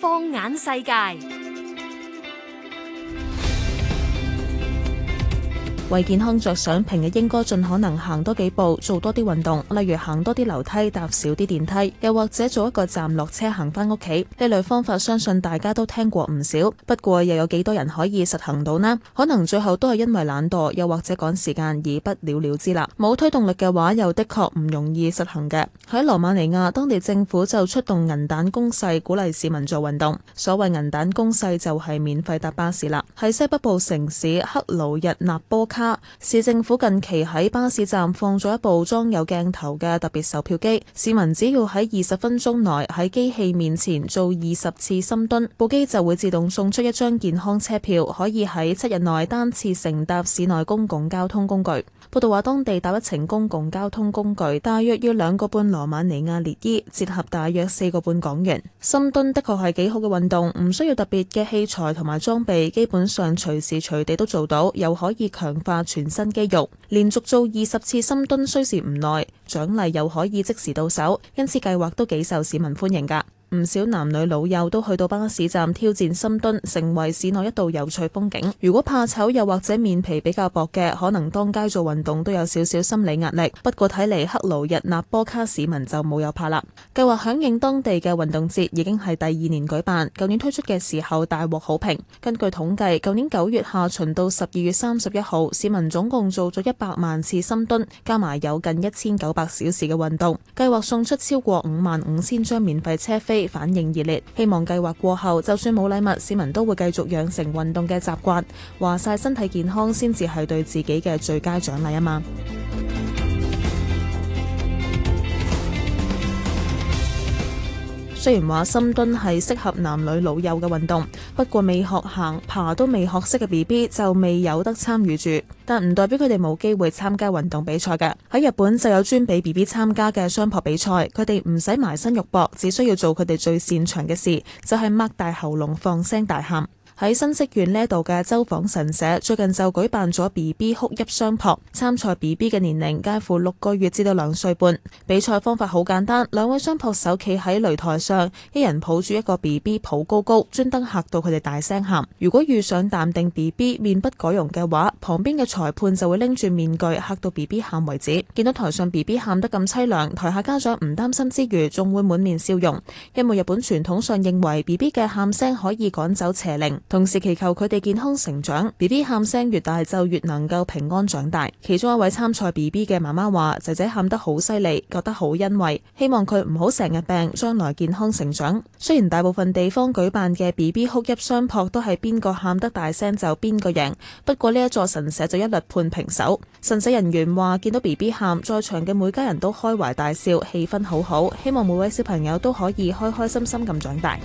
放眼世界。為健康着想，平日應該盡可能行多幾步，做多啲運動，例如行多啲樓梯，搭少啲電梯，又或者做一個站落車行翻屋企。呢類方法相信大家都聽過唔少，不過又有幾多人可以實行到呢？可能最後都係因為懶惰，又或者趕時間而不了了之啦。冇推動力嘅話，又的確唔容易實行嘅。喺羅馬尼亞，當地政府就出動銀彈攻勢，鼓勵市民做運動。所謂銀彈攻勢就係免費搭巴士啦。喺西北部城市克魯日納波卡。市政府近期喺巴士站放咗一部裝有鏡頭嘅特別售票機，市民只要喺二十分鐘內喺機器面前做二十次深蹲，部機就會自動送出一張健康車票，可以喺七日內單次乘搭市內公共交通工具。報道話，當地搭一程公共交通工具，大約要兩個半羅馬尼亞列伊，折合大約四個半港元。深蹲的確係幾好嘅運動，唔需要特別嘅器材同埋裝備，基本上隨時隨地都做到，又可以強化全身肌肉。連續做二十次深蹲需時唔耐，獎勵又可以即時到手，因此計劃都幾受市民歡迎㗎。唔少男女老幼都去到巴士站挑戰深蹲，成為市內一道有趣風景。如果怕醜又或者面皮比較薄嘅，可能當街做運動都有少少心理壓力。不過睇嚟，克勞日納波卡市民就冇有怕啦。計劃響應當地嘅運動節已經係第二年舉辦，舊年推出嘅時候大獲好評。根據統計，舊年九月下旬到十二月三十一號，市民總共做咗一百萬次深蹲，加埋有近一千九百小時嘅運動，計劃送出超過五萬五千張免費車飛。反應熱烈，希望計劃過後就算冇禮物，市民都會繼續養成運動嘅習慣。話晒身體健康先至係對自己嘅最佳獎勵吖嘛。雖然話深蹲係適合男女老幼嘅運動，不過未學行爬都未學識嘅 B B 就未有得參與住，但唔代表佢哋冇機會參加運動比賽嘅。喺日本就有專俾 B B 參加嘅相撲比賽，佢哋唔使埋身肉搏，只需要做佢哋最擅長嘅事，就係、是、擘大喉嚨放聲大喊。喺新潟縣呢度嘅諏訪神社最近就舉辦咗 B B 哭泣相撲參賽 B B 嘅年齡介乎六個月至到兩歲半。比賽方法好簡單，兩位相撲手企喺擂台上，一人抱住一個 B B 抱高高，專登吓到佢哋大聲喊。如果遇上淡定 B B 面不改容嘅話，旁邊嘅裁判就會拎住面具吓到 B B 喊為止。見到台上 B B 喊得咁淒涼，台下家長唔擔心之餘，仲會滿面笑容，因為日本傳統上認為 B B 嘅喊聲可以趕走邪靈。同時祈求佢哋健康成長，B B 喊聲越大就越能夠平安長大。其中一位參賽 B B 嘅媽媽話：仔仔喊得好犀利，覺得好欣慰，希望佢唔好成日病，將來健康成長。雖然大部分地方舉辦嘅 B B 哭泣相撲都係邊個喊得大聲就邊個贏，不過呢一座神社就一律判平手。神社人員話：見到 B B 喊，在場嘅每家人都開懷大笑，氣氛好好，希望每位小朋友都可以開開心心咁長大。